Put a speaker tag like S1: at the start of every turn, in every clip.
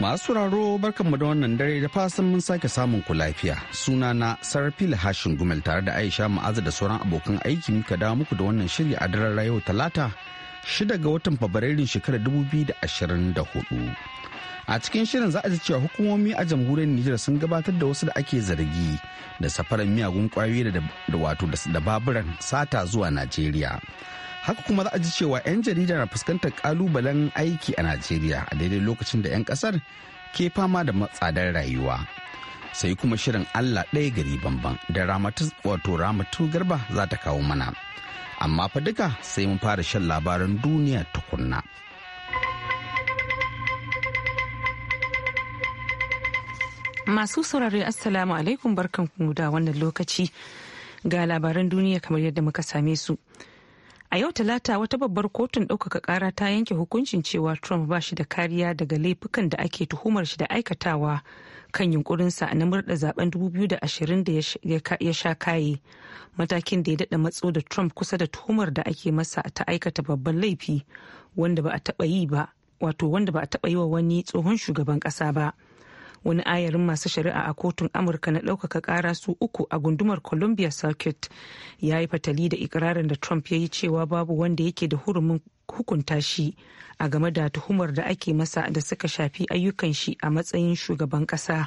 S1: Masu raro barkanmu da wannan dare da fasan mun sake samun ku lafiya. Suna na Sarfil Hashin Gumel tare da Aisha ma'aza da sauran abokan aiki muka dawo muku da wannan shiri a daren yau Talata shida ga watan Fabrairun shekarar 2024. A cikin shirin za a ji cewa hukumomi a jamhuriyar Nijar sun gabatar da wasu da ake zargi da safarar miyagun kwayoyi da wato da baburan sata zuwa Najeriya. haka kuma za a ji cewa 'yan jarida na fuskantar kalubalen aiki a najeriya a daidai lokacin da 'yan kasar ke fama da matsadar rayuwa sai kuma shirin allah ɗaya gari bamban da ramatu wato ramatu garba za ta kawo mana amma fa duka sai mun fara shan labaran duniya
S2: tukunna masu saurare assalamu alaikum barkan da wannan lokaci ga labaran duniya kamar yadda muka same su A yau Talata wata babbar kotun ɗaukaka ƙara ta yanke hukuncin cewa Trump ba shi da kariya daga laifukan da ake tuhumar shi da aikatawa kan yunkurinsa na murda zaben 2020 ya sha kaye. Matakin da ya daɗa matso da Trump kusa da tuhumar da ake masa ta aikata babban laifi wanda ba a taɓa yi ba, wato wanda ba a taɓa yi wa wani tsohon shugaban ƙasa ba. wani ayarin masu shari'a a kotun amurka na ɗaukaka ƙara su uku a gundumar columbia circuit ya yi fatali da ikirarin da trump ya yi cewa babu wanda yake da hurumin hukunta shi a game da tuhumar da ake masa da suka shafi ayyukan shi a matsayin shugaban ƙasa.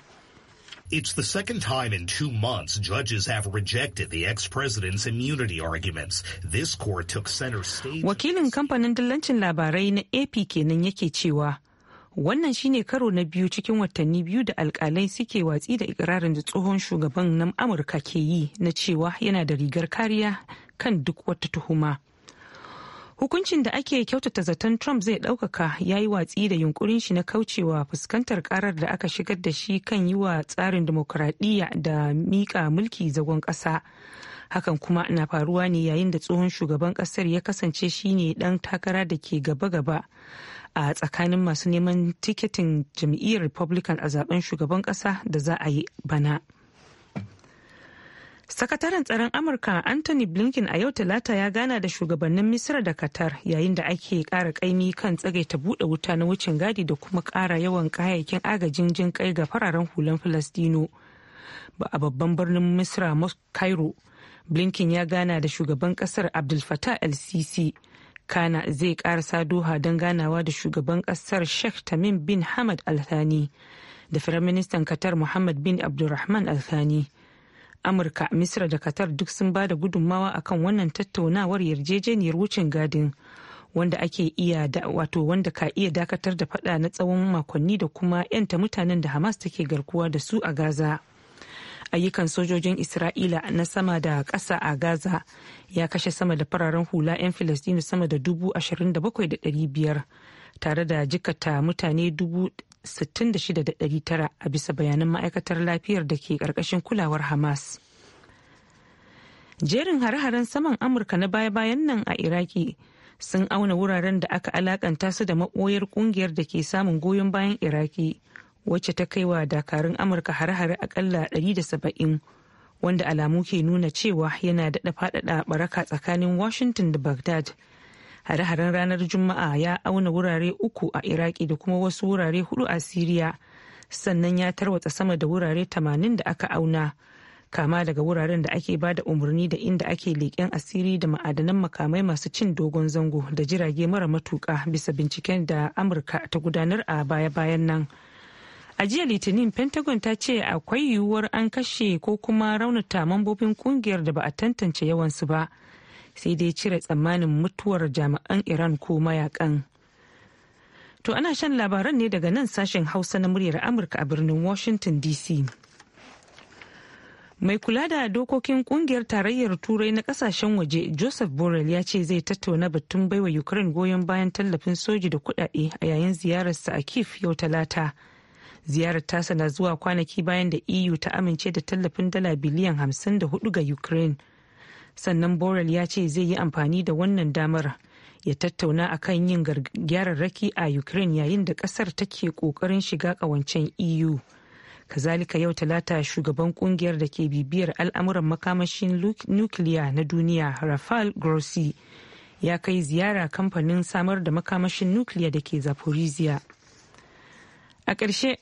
S3: It's the second time in two months judges have rejected the ex-president's immunity arguments. This court took center stage.
S2: Wakilin kamfanin dillancin labarai na AP kenan yake cewa wannan shine karo na biyu cikin watanni biyu da alkalai suke watsi da ikirarin da tsohon shugaban na amurka ke yi na cewa yana da rigar kariya kan duk wata tuhuma hukuncin da ake kyautata zaton trump zai ɗaukaka ya yi watsi da yunkurin shi na kaucewa fuskantar karar da aka shigar da shi kan yi wa tsarin demokuraɗiyya da miƙa mulki zagon ƙasa hakan kuma na faruwa ne yayin da tsohon shugaban ƙasar ya kasance shine ɗan takara da ke gaba-gaba a tsakanin masu neman tiketin jam'iyyar republican a zaben shugaban kasa da za a yi bana sakataren tsaron amurka anthony blinken a yau talata ya gana da shugabannin misra da qatar yayin da ake kara kaimi kan tsagaita buɗe wuta na wucin gadi da kuma kara yawan kayayyakin agajin jin kai ga fararen hulan filistino a babban birnin misra cairo blinken ya gana da shugaban kasar abdulfatah fattah el sisi kana zai karasa doha don ganawa da shugaban kasar sheikh tamim bin hamad alhani da firaministan qatar muhammad bin abdulrahman alhani amurka misra da qatar duk sun ba da gudunmawa akan wannan tattaunawar yarjejeniyar wucin gadin wanda ake iya wato wanda ka iya dakatar da fada na tsawon makonni da kuma 'yanta mutanen da hamas take garkuwa da su a gaza ayyukan sojojin isra'ila na sama da ƙasa a gaza ya kashe sama da fararen hula 'yan filistinu sama da dubu ashirin da bakwai da ɗari biyar tare da jikata mutane dubu sittin tara a bisa bayanan ma'aikatar lafiyar da ke ƙarƙashin kulawar hamas jerin hare-haren saman amurka na baya-bayan nan a iraki sun auna wuraren da aka alakanta su da maɓoyar ƙungiyar da ke samun goyon bayan iraki wacce ta kai wa dakarun amurka hare-hare akalla 170 wanda alamu ke nuna cewa yana daɗa faɗaɗa baraka tsakanin washington da baghdad har haren ranar juma'a ya auna wurare uku a iraki da kuma wasu wurare hudu a siriya sannan ya tarwatsa sama da wurare 80 da aka auna kama daga wuraren da ake ba da umarni da inda ake leƙen asiri da ma'adanan makamai masu cin dogon zango da jirage mara matuƙa bisa binciken da amurka ta gudanar a baya-bayan nan. a jiya litinin pentagon ta ce akwai yiwuwar an kashe ko kuma raunata mambobin kungiyar da ba a tantance yawansu ba sai dai cire tsammanin mutuwar jami'an iran ko mayakan to ana shan labaran ne daga nan sashen hausa na muryar amurka a birnin washington dc mai kula da dokokin kungiyar tarayyar turai na kasashen waje joseph borrell ya ce zai tattauna batun baiwa ukraine goyon bayan tallafin soji da kudade a yayin ziyararsa a kyiv yau talata ziyarar tasa na zuwa kwanaki bayan da eu ta amince da tallafin dala biliyan 54 ga ukraine sannan borel ya ce zai yi amfani da wannan damar ya tattauna akan yin gyararraki a ukraine yayin da kasar take kokarin shiga kawancen eu kazalika yau talata shugaban kungiyar da ke bibiyar al'amuran makamashin nukiliya na duniya rafael grossi ya kai ziyara kamfanin samar da makamashin nukiliya da ke zaporizhia a ƙarshe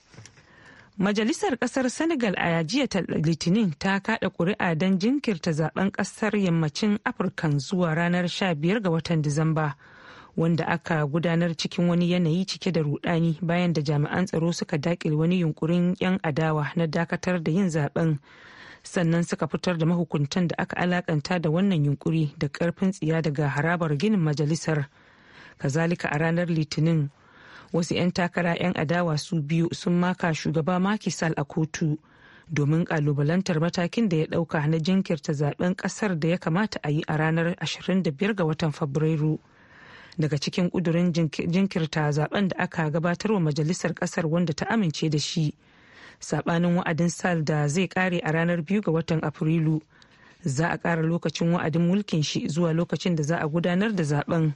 S2: Majalisar kasar Senegal a yajiya ta Litinin ta kada kuri'a don jinkirta zaben kasar yammacin Afirka zuwa ranar 15 ga watan Disamba. Wanda aka gudanar cikin wani yanayi cike da rudani bayan da jami'an tsaro suka dakile wani yunkurin 'yan adawa na dakatar da yin zaben. Sannan suka fitar da mahukuntan da aka alakanta da wannan yunkuri da karfin tsiya daga harabar ginin majalisar. Kazalika a ranar Litinin wasu 'yan takara 'yan adawa su biyu sun maka shugaba makisal a kotu domin kalubalantar matakin da ya dauka na jinkirta zaben kasar da ya kamata a yi a ranar 25 ga watan fabrairu daga cikin kudurin jinkirta zaben da aka gabatar wa majalisar kasar wanda ta amince da shi sabanin wa'adin sal da zai kare a ranar 2 ga watan afrilu za a ƙara lokacin wa'adin mulkin shi zuwa lokacin da za a gudanar da zaben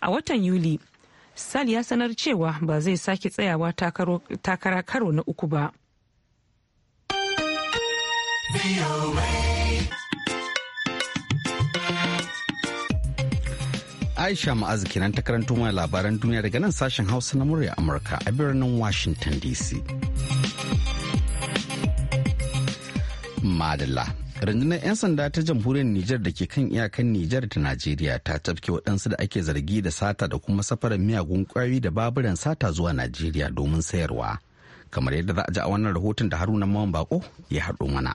S2: a watan yuli sal ya sanar cewa ba zai sake tsayawa takara karo na uku ba
S1: aisha ma'azu kenan ta karanto mana labaran duniya daga nan sashen hausa na murya amurka a birnin washington dc madalla rundunar 'yan sanda ta jamhuriyar nijar da ke kan iyakan nijar da najeriya ta tafke waɗansu da ake zargi da sata da kuma safarar miyagun kwayoyi da baburan sata zuwa najeriya domin sayarwa kamar yadda za a ji a wannan rahoton da haruna mawan bako ya haɗo mana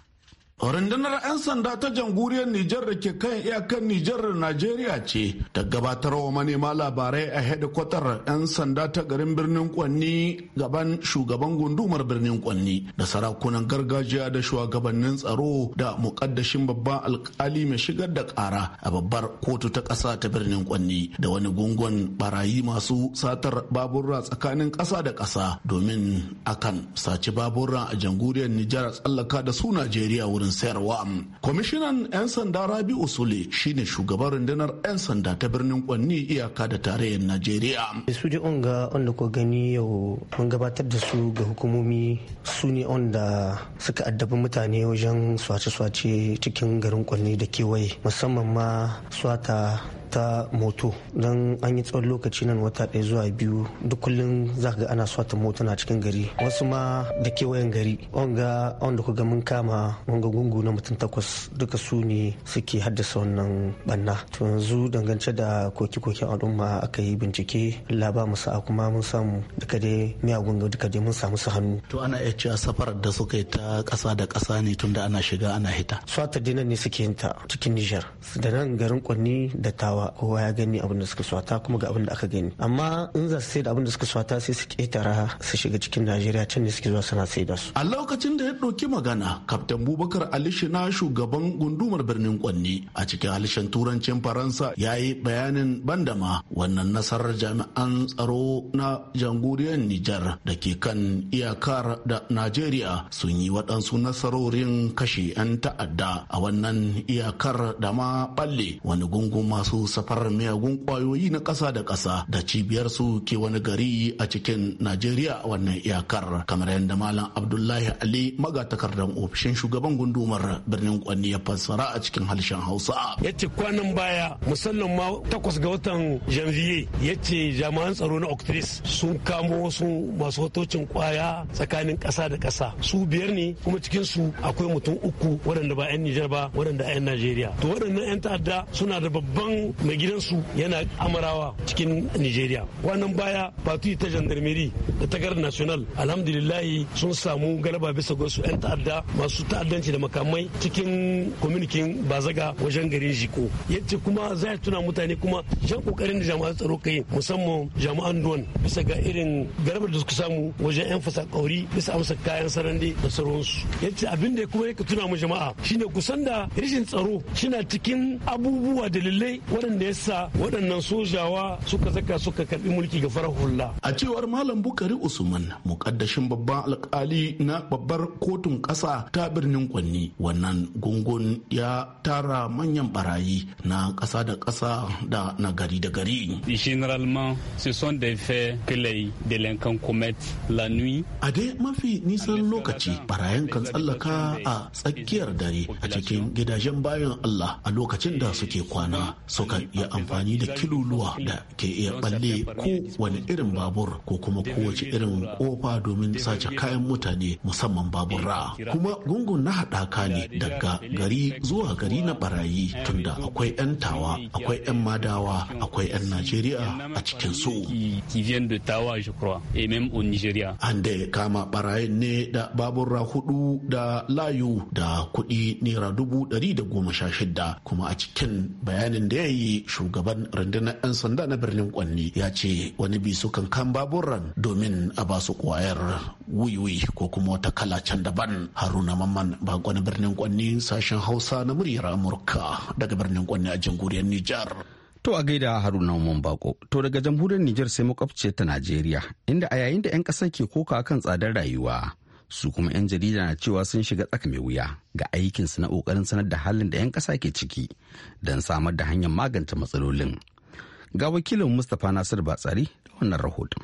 S1: Rundunar 'yan sanda ta jamhuriyar
S3: Nijar da ke kan iyakar Nijar da Najeriya ce ta gabatar wa manema labarai a hedikwatar 'yan sanda ta garin birnin Kwanni gaban shugaban gundumar birnin Kwanni da sarakunan gargajiya da shugabannin tsaro da mukaddashin babban alkali mai shigar da kara a babbar kotu ta ƙasa ta birnin Kwanni da wani gungun barayi masu satar baburra tsakanin ƙasa da ƙasa domin akan saci baburra a jamhuriyar Nijar a tsallaka da su Najeriya wurin domin sayarwa. Kwamishinan 'yan sanda Rabi Usule shine shugaban rundunar 'yan sanda ta birnin Kwanni iyaka da tarayyar Najeriya. Su ji onga wanda ko gani yau mun gabatar da su ga hukumomi su ne wanda suka addabi mutane wajen swace-swace cikin garin Kwanni da kewaye musamman ma swata ta moto don an yi tsawon lokaci nan wata ɗaya zuwa biyu duk kullum za ga ana swata mota na cikin gari wasu ma da kewayen gari wanga wanda kuga mun kama wanga gungu na mutum takwas duka su ne suke haddasa wannan banna to yanzu dangance da koke-koken al'umma aka yi bincike Allah ba mu sa'a kuma mun samu duka dai miyagun duka dai mun samu su hannu to ana iya cewa safarar da suka yi ta ƙasa da ƙasa ne tunda ana shiga ana hita swata dinan ne suke yin ta cikin Nijar da nan garin Kwanni da Tawa kowa ya gani abin da suka swata kuma ga abin da aka gani amma in za su sai da abin da suka swata sai su ketara su shiga cikin najeriya can ne suke zuwa suna sai da su a lokacin da ya ɗauki magana kaftan bubakar alishina shugaban gundumar birnin kwanni a cikin halishin turancin faransa ya yi bayanin bandama wannan nasarar jami'an tsaro na jamhuriyar nijar da ke kan iyakar da najeriya sun yi waɗansu nasarorin kashe 'yan ta'adda a wannan iyakar da ma balle wani gungun masu Safar safarar miyagun kwayoyi na ƙasa da ƙasa da cibiyar su ke wani gari a cikin Najeriya a wannan iyakar kamar yadda Malam Abdullahi Ali magatakardan ofishin shugaban gundumar birnin Kwanni ya fassara a cikin harshen Hausa. Ya ce kwanan baya musamman ma takwas ga watan Janvier ya ce jami'an tsaro na Octris sun kamo wasu masu hotocin kwaya tsakanin ƙasa da kasa su biyar ne kuma cikin su akwai mutum uku waɗanda ba 'yan Nijar ba waɗanda 'yan Najeriya. To waɗannan 'yan ta'adda suna da babban mai gidansu yana amarawa cikin nigeria wannan baya fatu ta gendarmerie da takarda national alhamdulillahi sun samu galaba bisa ga su 'yan ta'adda masu ta'addanci da makamai cikin kwaminikin bazaga wajen garin jiko yace kuma za a tuna mutane kuma jan kokarin da jama'a tsaro yi musamman jama'an duwan bisa ga irin garabar da suka samu wajen 'yan fasa kauri bisa amsa kayan sarande da sauransu yace abin da kuma yake tuna mu jama'a shine kusan da rashin tsaro shina cikin abubuwa dalilai abin da yasa waɗannan sojawa suka saka suka karbi mulki ga farar hula a cewar malam bukari usman mukaddashin babban alkali na babbar kotun ƙasa ta birnin kwanni wannan gungun ya tara manyan barayi na ƙasa da ƙasa da na gari da gari généralement ce sont des faits que la nuit a dai mafi nisan lokaci barayan kan tsallaka a tsakiyar dare a cikin gidajen bayan Allah a lokacin da suke kwana suka ya iya amfani da kiluluwa da ke iya balle ko wani irin babur ko kuma kowace irin kofa domin sace kayan mutane musamman babura kuma gungun na haɗaka ne daga gari zuwa gari na barayi tunda akwai 'yan tawa akwai 'yan madawa akwai 'yan najeriya a cikin su an da kama barayin ne da babura hudu da layu da kuɗi naira dubu ɗari da goma sha shida kuma a cikin bayanin da ya yi Abdullahi shugaban rundunar 'yan sanda na birnin Kwanni ya ce wani bi sukan kan baburan domin a ba su kwayar wiwi ko kuma wata kala can daban. Haruna Mamman bako na birnin Kwanni sashen Hausa na muryar Amurka
S1: daga birnin Kwanni a jamhuriyar Nijar. To a gaida Haruna Mamman Bako. To daga jamhuriyar Nijar sai makwabciyar ta Najeriya inda a yayin da 'yan ƙasar ke koka kan tsadar rayuwa. su kuma 'yan jarida na cewa sun shiga tsaka mai wuya ga aikinsu na ƙoƙarin sanar da halin da 'yan ƙasa ke ciki don samar da hanyar magance matsalolin ga wakilin mustapha nasir batsari da wannan rahoton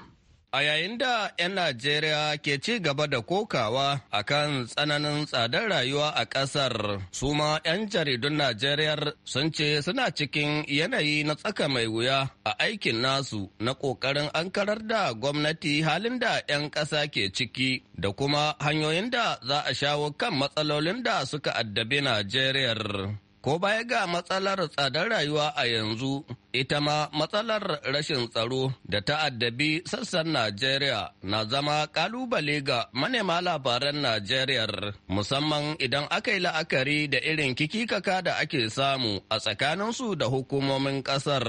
S4: A yayin da 'yan Najeriya ke ci gaba da kokawa a kan tsananin tsadar rayuwa a ƙasar, su ma 'yan jaridun Najeriya sun ce suna cikin yanayi na tsaka mai wuya a aikin nasu na ƙoƙarin an karar da gwamnati halin da 'yan ƙasa ke ciki da kuma hanyoyin da za a shawo kan matsalolin da suka addabi Najeriya. Ko baya ga matsalar tsadar rayuwa a yanzu, ita ma matsalar rashin tsaro da ta'addabi sassan Najeriya na zama kalubale ga manema labaran Najeriya musamman idan aka yi la'akari da irin kikikaka da ake samu a tsakaninsu da hukumomin ƙasar.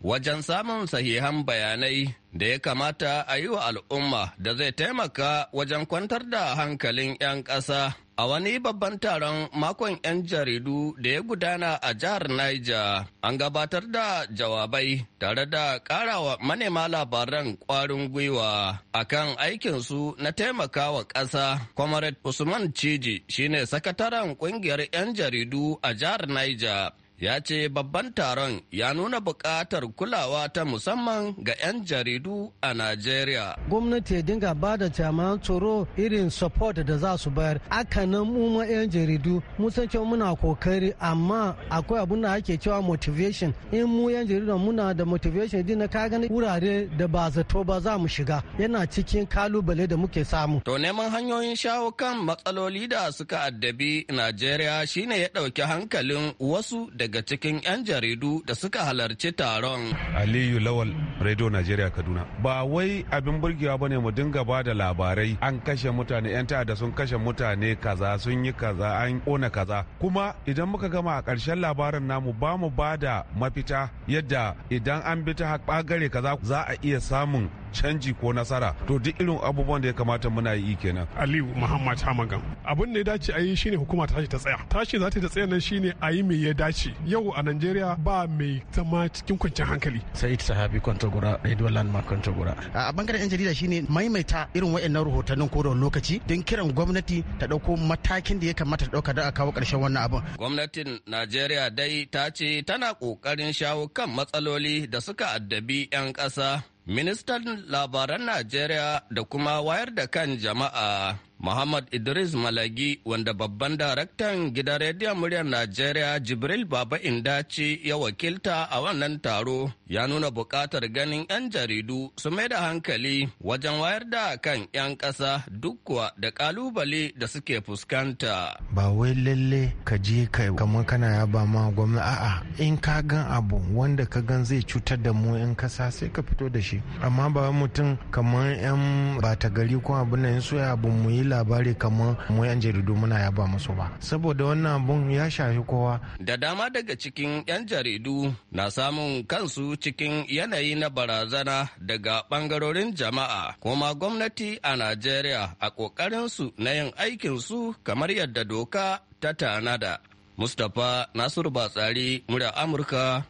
S4: Wajen samun sahihan bayanai da ya kamata a yi wa al'umma da zai taimaka wajen kwantar da hankalin 'yan ƙasa. A wani babban taron makon 'yan jaridu da ya gudana a jihar Niger, an gabatar da jawabai tare da karawa manema labaran kwarin gwiwa akan aikinsu na taimakawa ƙasa. Comrade Usman Ciji shine sakataren kungiyar 'yan jaridu a jihar Niger. ya ce babban taron ya nuna buƙatar kulawa ta musamman ga 'yan jaridu a Najeriya. Gwamnati ya dinga ba da jami'an tsoro irin support da za su bayar. Aka nan mu ma 'yan jaridu mun san cewa muna kokari amma akwai abin da ake cewa motivation. In mu 'yan jaridu muna da motivation din na kagan wurare da ba zato ba za mu shiga yana cikin kalubale da muke samu. To neman hanyoyin shawo kan matsaloli da suka addabi Najeriya shine ya ɗauki hankalin wasu da daga cikin 'yan jaridu da suka halarci taron.
S3: Aliyu Lawal, Radio nigeria Kaduna. Ba wai abin burgewa ba ne mu dinga ba da labarai an kashe mutane 'yan ta'adda sun kashe mutane kaza sun yi kaza an ƙona kaza. Kuma idan muka gama a ƙarshen labarin namu ba mu ba da mafita yadda idan an bi ta bangare kaza za a iya samun canji ko nasara to duk irin abubuwan da ya kamata muna yi kenan aliyu muhammad hamagan abin da ya dace a yi shine hukuma ta tashi ta tsaya tashi za ta ta tsaya nan shine a yi mai ya dace yau a najeriya ba mai zama cikin kwanciyar hankali sa'id sahabi kwantagura radio landmark
S1: gura a bangaren yan jarida shine maimaita irin waɗannan rahotannin ko da lokaci don kiran gwamnati ta dauko matakin da ya kamata ta ɗauka don a kawo ƙarshen wannan abin
S4: gwamnatin najeriya dai ta ce tana ƙoƙarin shawo kan matsaloli da suka addabi 'yan ƙasa ministan labaran Najeriya da kuma wayar da kan jama'a Muhammad Idris Malagi wanda babban daraktan gidan rediyon muryar Najeriya Jibril Baba Indaci ya wakilta a wannan taro ya nuna bukatar ganin 'yan jaridu su mai da hankali wajen wayar da kan 'yan ƙasa duk da kalubale da suke fuskanta.
S3: Ba wai lalle ka je ka kamar kana ya ba ma gwamna. a'a in ka gan abu wanda ka gan zai cutar da mu 'yan ƙasa sai ka fito da shi amma ba mutum kamar 'yan bata gari ko abu na so ya abu mu yi labari kamar mu yan jaridu muna yaba musu ba saboda wannan abun ya shafi kowa
S4: da dama daga cikin yan jaridu na samun kansu cikin yanayi na barazana daga bangarorin jama'a kuma gwamnati a najeriya a kokarin su na yin aikin su kamar yadda doka ta tanada mustapha nasiru batsari murya amurka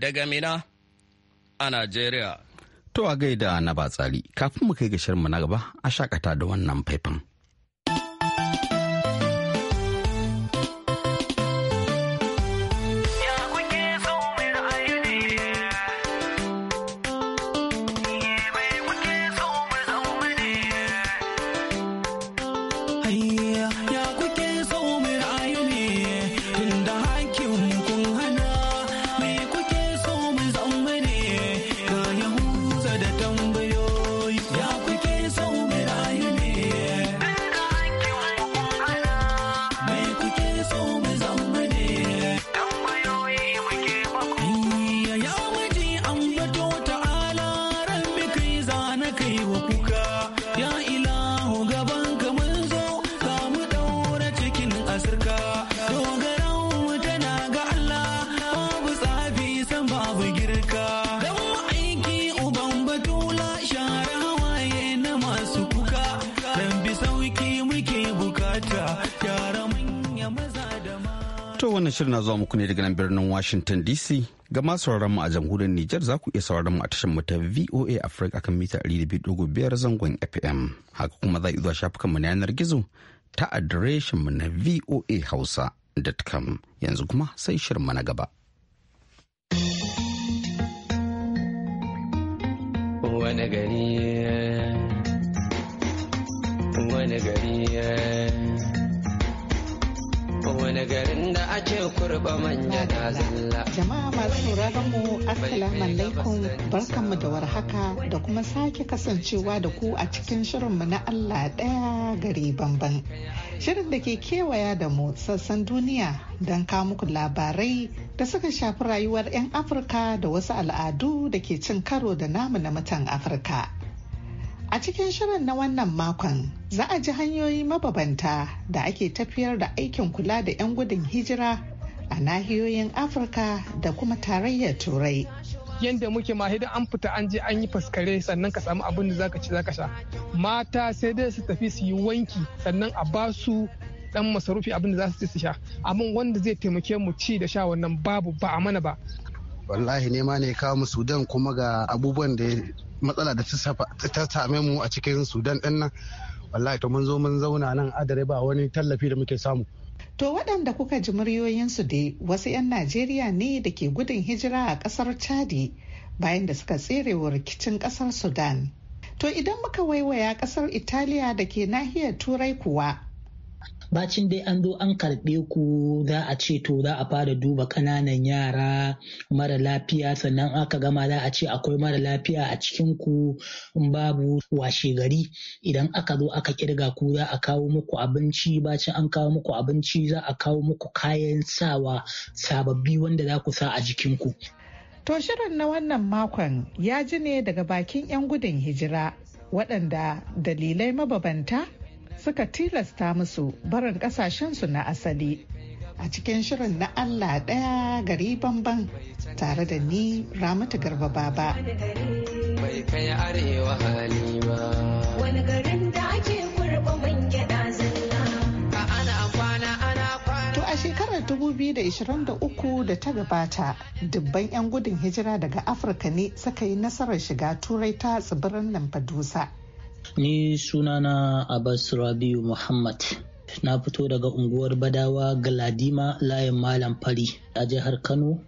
S4: daga mina a najeriya
S1: To a gaida na ba tsari, kafin mu kai ga mu na gaba a shakata da wannan faifan. wannan shirin na zuwa muku ne daga nan birnin Washington DC. Ga masu sauraron mu a jamhuriyar Nijar za ku iya sauraron mu a tashar mu ta VOA Africa kan mita 200.5 zangon FM. Haka kuma za zuwa shafukan mu na yanar gizo ta adireshin mu na voahausa.com. Yanzu kuma sai shirin mu na gaba.
S4: Wani gari wani gari
S2: wani garin da ake kurba manya na zalla. Jama'a
S5: masu sauraron mu assalamu alaikum barkanmu da warhaka da kuma sake kasancewa da ku a cikin shirinmu na Allah ɗaya gari banban. Shirin da ke kewaya da mu sassan duniya don kawo muku labarai da suka shafi rayuwar 'yan Afirka da wasu al'adu da ke cin karo da namu na mutan Afirka. A cikin shirin na wannan makon za a ji hanyoyi mababanta da ake tafiyar da aikin kula da 'yan gudun hijira a nahiyoyin Afirka da kuma tarayyar Turai. Yadda
S4: muke ma an
S5: fita an je an yi
S6: faskare sannan ka samu abin da zaka ci zaka sha. Mata sai dai su tafi su yi wanki sannan a basu dan masarufi abin da za su ci su sha. Amma wanda zai taimake mu ci da sha wannan babu ba a mana ba.
S1: wallahi nema ne kawo mu sudan kuma ga abubuwan da matsala da ta same mu a cikin sudan din nan wallahi to mun zo mun zauna nan adare ba wani tallafi da muke samu
S5: to waɗanda kuka ji muryoyinsu dai wasu 'yan najeriya ne da ke gudun hijira a ƙasar chadi bayan da suka tserewa rikicin ƙasar sudan to idan muka waiwaya ƙasar italiya da ke nahiyar turai kuwa
S6: bacin dai an zo an karɓe ku za a ce to za a fara duba ƙananan yara mara lafiya sannan aka gama za a ce akwai mara lafiya a cikin ku babu washe gari idan aka zo aka kirga ku za a kawo muku abinci bacin an kawo muku abinci za a kawo muku kayan sawa sababbi wanda
S5: za ku sa a jikin ku. To shirin na wannan makon ya ji ne daga bakin 'yan gudun hijira waɗanda dalilai mababanta suka tilasta musu barin kasashensu na asali a cikin shirin na Allah ɗaya gari bamban tare da ni Ramatu Garba Baba. da ake To a shekarar 2023 da ta gabata, dubban 'yan gudun hijira daga Afirka ne suka yi nasarar shiga turai ta tsibirin Lampedusa.
S6: Ni sunana Abbas Rabiu Muhammad. Na fito daga unguwar Badawa Galadima layin Malam Fari a jihar Kano.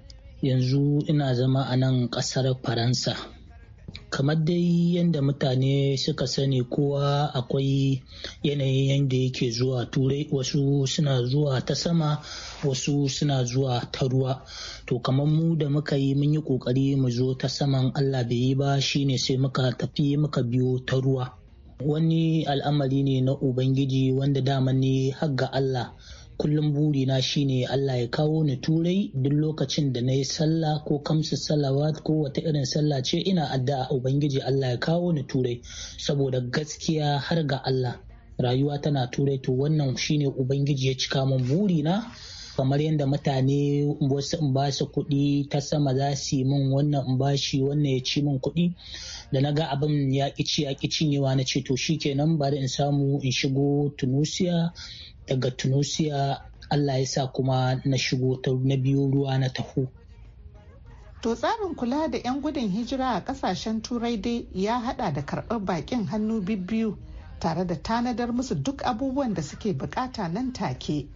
S6: Yanzu ina zama a nan ƙasar Faransa. Kamar dai yadda mutane suka sani kowa akwai yanayin yadda yake zuwa turai wasu suna zuwa ta sama wasu suna zuwa ta ruwa to kamar mu da muka yi mun yi ƙoƙari mu zo ta saman allah bai yi ba shine sai muka tafi muka biyo ta ruwa wani al'amari ne na ubangiji wanda dama ne hagga Allah kullum buri na shine Allah ya kawo ni turai duk lokacin da na yi sallah ko kamsu salawat ko wata irin sallah ce ina addu'a ubangiji Allah ya kawo ni turai saboda gaskiya har ga Allah rayuwa tana turai to wannan shine ubangiji ya cika min na kamar yadda mutane wasu in ba kuɗi ta sama za su yi min wannan in ba wannan ya ci min kuɗi da na ga abin ya ƙici ya ƙi cinyewa na ce to shikenan bari in samu in shigo tunusiya daga tunusiya allah ya sa kuma na shigo na biyu ruwa na taho
S5: To tsarin kula da 'yan gudun hijira a kasashen turai dai ya hada da karɓar bakin hannu bibbiyu tare da tanadar musu duk abubuwan da suke bukata nan take.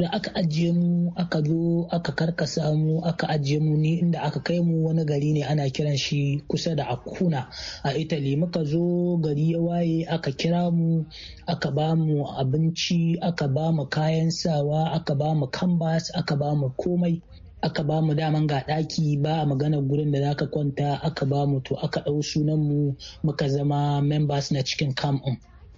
S5: da aka ajiye mu aka zo aka
S6: karkasa mu aka ajiye mu ni inda aka kai mu wani gari ne ana kiran shi kusa da akuna a italy muka zo gari ya waye aka kira mu aka ba mu abinci aka ba mu kayan sawa aka ba mu kambas aka ba mu komai aka ba mu daman ga ɗaki ba a magana gurin da za ka kwanta aka ba mu to aka ɗau sunan mu muka zama members na cikin camp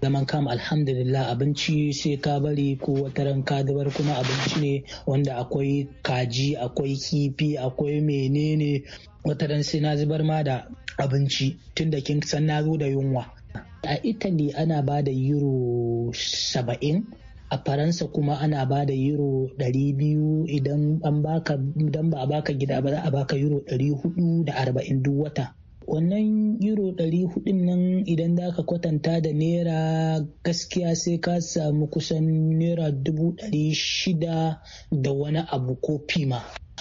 S6: zaman kam alhamdulillah abinci sai ka bari ko wataran ka dabar kuma abinci ne wanda akwai kaji akwai kifi akwai menene wata ran sai na zubar ma da abinci tunda kin san na zo da yunwa a italy ana ba da euro saba'in a faransa kuma ana ba da euro 200 idan baka idan ba a baka gida ba za a baka euro 440 duk wata Wannan euro ɗari hudun nan idan za ka kwatanta da naira gaskiya sai ka samu kusan naira dubu da wani abu ko fima.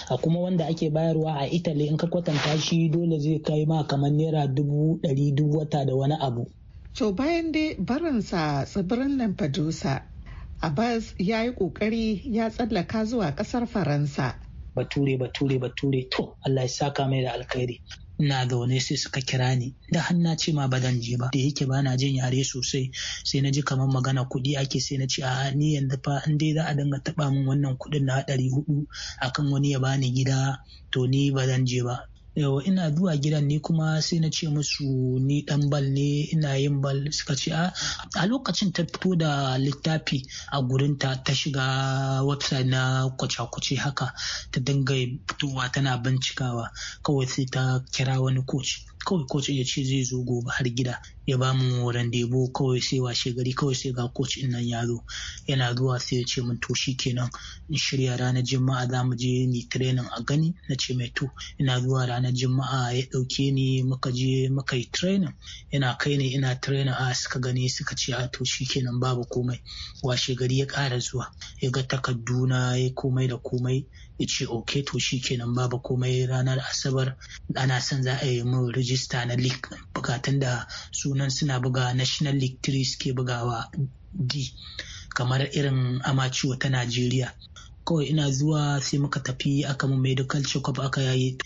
S6: a kuma wanda ake bayarwa a italy in ka kwatanta shi dole zai kai ma kamar naira
S5: dubu ɗari wata da wani abu to bayan dai barinsa tsibirin lampedusa abbas ya yi kokari ya tsallaka zuwa kasar faransa
S6: bature bature bature to allah ya saka mai da alkhairi ina zaune sai suka kira ni da har ce ma ba zan je ba da yake bana jin yare sosai sai na ji kamar magana kuɗi ake sai na ce a ni yanzu fa in dai za a dinga taɓa min wannan kuɗin na ɗari hudu akan wani ya bani gida to ni ba zan je ba yawa ina zuwa gidan ne kuma sai na ce musu ni dan bal ne ina yin bal suka ce ah, a lokacin ta fito da littafi a gurinta ta shiga website na kwace-kwace haka ta dinga fitowa tana bincikawa kawai sai ta kira wani coach kawai coach ya ce zai zo gobe har gida ya ba mu debo kawai sai washe gari kawai sai ga coach din nan ya zo yana zuwa sai ya ce min to kenan in shirya ranar juma'a za mu je ni training a gani na ce mai to ina zuwa ranar juma'a ya dauke ni muka je muka yi training yana kai ne ina training a suka gani suka ce a to kenan babu komai washe gari ya kara zuwa ya ga takarduna ya komai da komai ya ce ok to shi kenan babu komai ranar asabar ana son za a yi mu rijista na league bukatun da sunan suna buga national league three suke bugawa d kamar irin amaciwa ta najeriya kawai ina zuwa sai muka tafi aka mu medical check aka yayi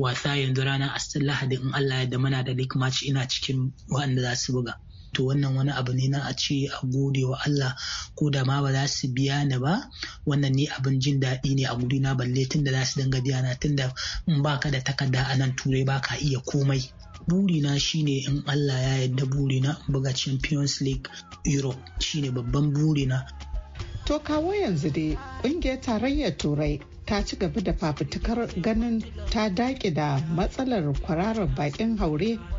S6: wasa yanzu ranar lahadi in allah ya da mana da league match ina cikin waɗanda za su buga to wannan wani abu ne na a ce a gode wa Allah ko da ma ba za su biya ni ba wannan ne abin jin daɗi ne a na balle tun da za su dinga biya na tun da in baka da takarda a nan turai baka iya komai burina shine in Allah ya yarda burina buga Champions League Europe shine babban
S5: burina To kawo yanzu dai kungiyar tarayyar turai ta ci gaba da fafutukar ganin ta dake da matsalar kwararar bakin haure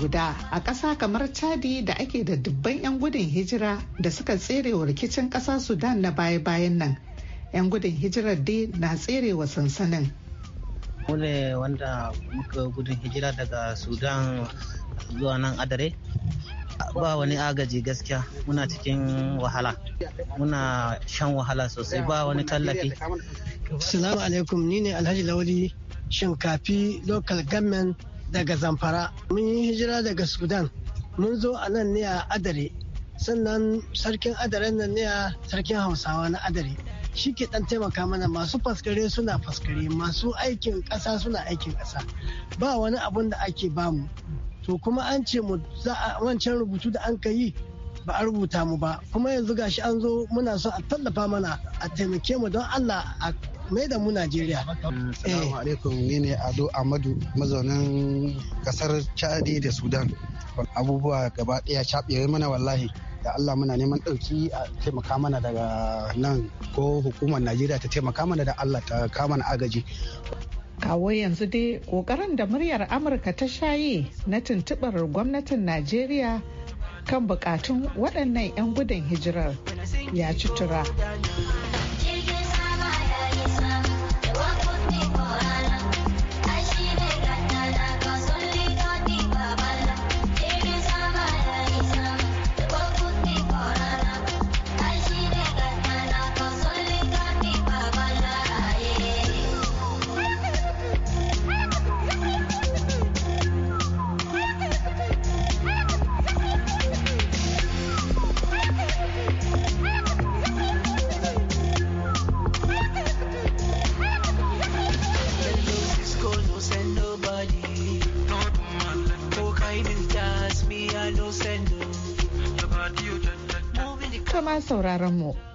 S5: guda a ƙasa kamar chadi da ake da dubban 'yan gudun hijira da suka tserewa rikicin ƙasa sudan na baya-bayan nan 'yan gudun hijirar dai na tserewa sansanin
S6: mu wanda muka gudun hijira daga sudan zuwa nan adare ba wani agaji gaskiya muna cikin wahala muna shan wahala sosai ba wani tallafi
S4: salamu alaikum
S6: ni ne alhaji lawali shinkafi local government daga zamfara mun yi hijira daga sudan mun zo a nan ne a adare sannan sarkin adaren nan ne a sarkin hausawa na adare shi ke dan taimaka mana masu faskare suna faskare masu aikin ƙasa suna aikin ƙasa ba wani abun da ake bamu to kuma an ce mu za a wancan rubutu da an ka yi ba a rubuta mu ba kuma yanzu gashi an zo muna so a tallafa mana a taimake mu don allah a mai da mu Najeriya. Assalamu mm, eh. alaikum ni ne Ado Amadu mazaunin kasar Chadi da
S1: Sudan. Abubuwa gaba ɗaya caɓe mana wallahi. da Allah muna neman ɗauki a taimaka mana daga nan ko hukumar Najeriya ta taimaka mana da Allah ta kama na agaji.
S5: kawo yanzu dai kokarin da muryar amurka ta shaye na tuntuɓar gwamnatin najeriya kan bukatun waɗannan 'yan gudun hijirar ya ci tura.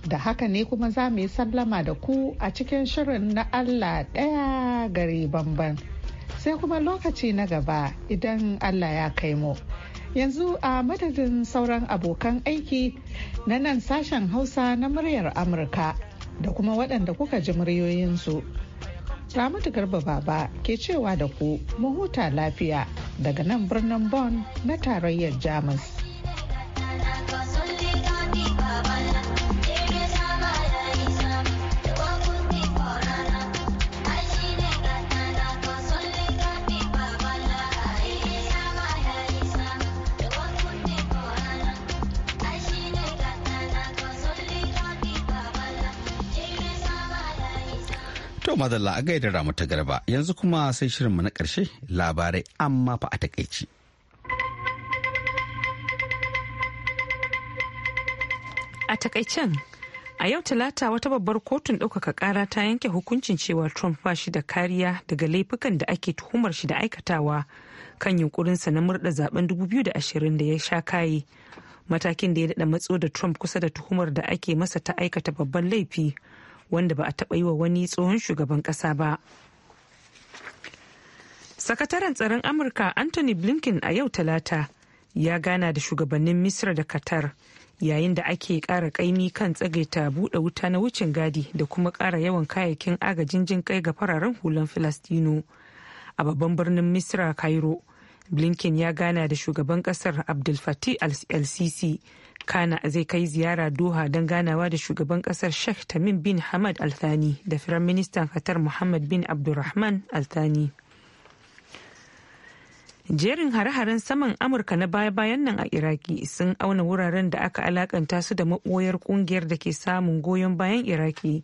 S5: Da haka ne kuma za mu yi sallama da ku a cikin shirin na Allah ɗaya gare bamban. Sai kuma lokaci na gaba idan Allah ya kai mu. Yanzu a madadin sauran abokan aiki na nan sashen Hausa na muryar Amurka da kuma waɗanda kuka ji muryoyinsu. Ramatu Garba Baba ke cewa da ku mu lafiya daga nan birnin Bonn na tarayyar Jamus.
S1: To madalla a gaida ramu ta garba yanzu kuma sai shirinmu na ƙarshe labarai amma fa a takaici.
S2: A takaicen a yau talata wata babbar kotun ɗaukaka ƙara ta yanke hukuncin cewa Trump ba shi da kariya daga laifukan da ake tuhumar shi da aikatawa kan yunkurinsa na murda zaben 2020 da ya sha kayi. Matakin da ya daɗa matso da Trump kusa da tuhumar da ake masa ta aikata babban laifi. wanda ba a taɓa yi wa wani tsohon shugaban ƙasa ba. Sakataren tsaron Amurka Anthony Blinken a yau Talata ya gana da shugabannin Misra da Qatar yayin da ake ƙara ƙaimi kan tsagaita buɗe wuta na wucin gadi da kuma ƙara yawan kayayyakin agajin jin kai ga fararen hulan Filastino a babban birnin Misra Cairo. Blinken ya gana da shugaban ƙasar Abdul Fattah al-Sisi. al al kana zai kai ziyara doha don ganawa da shugaban kasar sheikh tamim bin hamad althani da firaministan qatar muhammad bin abdulrahman althani jerin hare-haren saman amurka na baya-bayan nan a iraki sun auna wuraren da aka alakanta su da maboyar kungiyar da ke samun goyon bayan iraki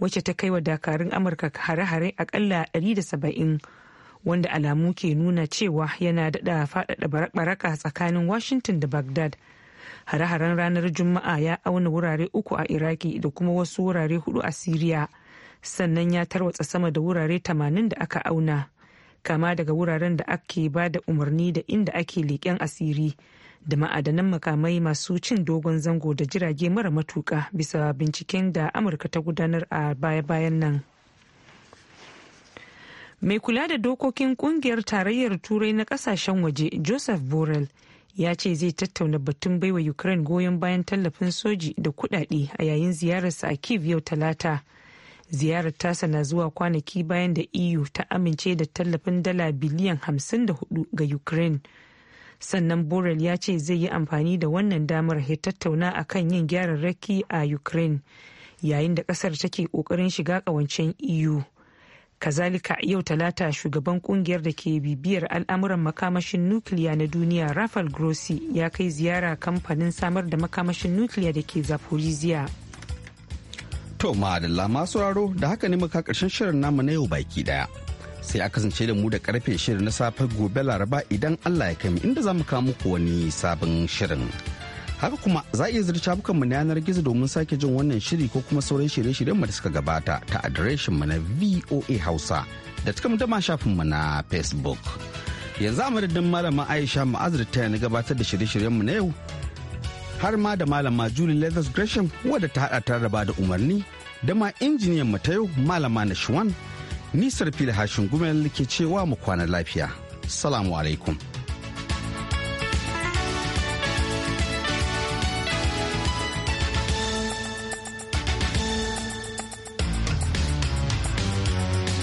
S2: wacce ta kai wa dakarun amurka hare-hare akalla 170 wanda alamu ke nuna cewa yana daɗa faɗaɗa baraka tsakanin washington da baghdad hare-haren ranar juma'a ya auna wurare uku a iraki da kuma wasu wurare hudu a siriya sannan ya tarwatsa sama da wurare 80 da aka auna kama daga wuraren da ake ba da umarni da inda ake leƙen asiri da ma'adanan makamai masu cin dogon zango da jirage mara matuka bisa binciken da amurka ta gudanar a baya-bayan nan mai kula da dokokin kungiyar tarayyar turai na kasashen waje joseph borrell ya ce zai tattauna batun baiwa ukraine goyon bayan tallafin soji da kudade a yayin ziyararsa a kiev yau talata ziyarar tasa na zuwa kwanaki bayan da eu ta amince da tallafin dala biliyan 54 ga ukraine sannan borel ya ce zai yi amfani da wannan damar ya tattauna a kan yin gyararraki a ukraine yayin da kasar take kokarin shiga kawancen eu kazalika yau talata shugaban kungiyar da ke bibiyar al'amuran makamashin nukiliya na duniya rafal grossi ya kai ziyara kamfanin samar da makamashin nukiliya da ke zaporizhia
S1: to da masu raro da haka ne muka karshen shirin namu na yau baki daya sai a kasance da mu da karfe shirin na safe gobe laraba idan allah ya kai inda za mu kawo muku wani sabon shirin. haka kuma za a iya zirca mu na yanar gizo domin sake jin wannan shiri ko kuma sauran shirye-shiryen da suka gabata ta adireshin mu na voa hausa da cikin dama shafin mu na facebook yanzu a madadin malama aisha ma'azir ta na gabatar da shirye-shiryen mu na yau har ma da malama Juli leathers gresham wadda ta hada ta da umarni da ma injiniyan mu ta yau malama na shuwan nisar fili hashin gumel ke cewa mu kwana lafiya salamu alaikum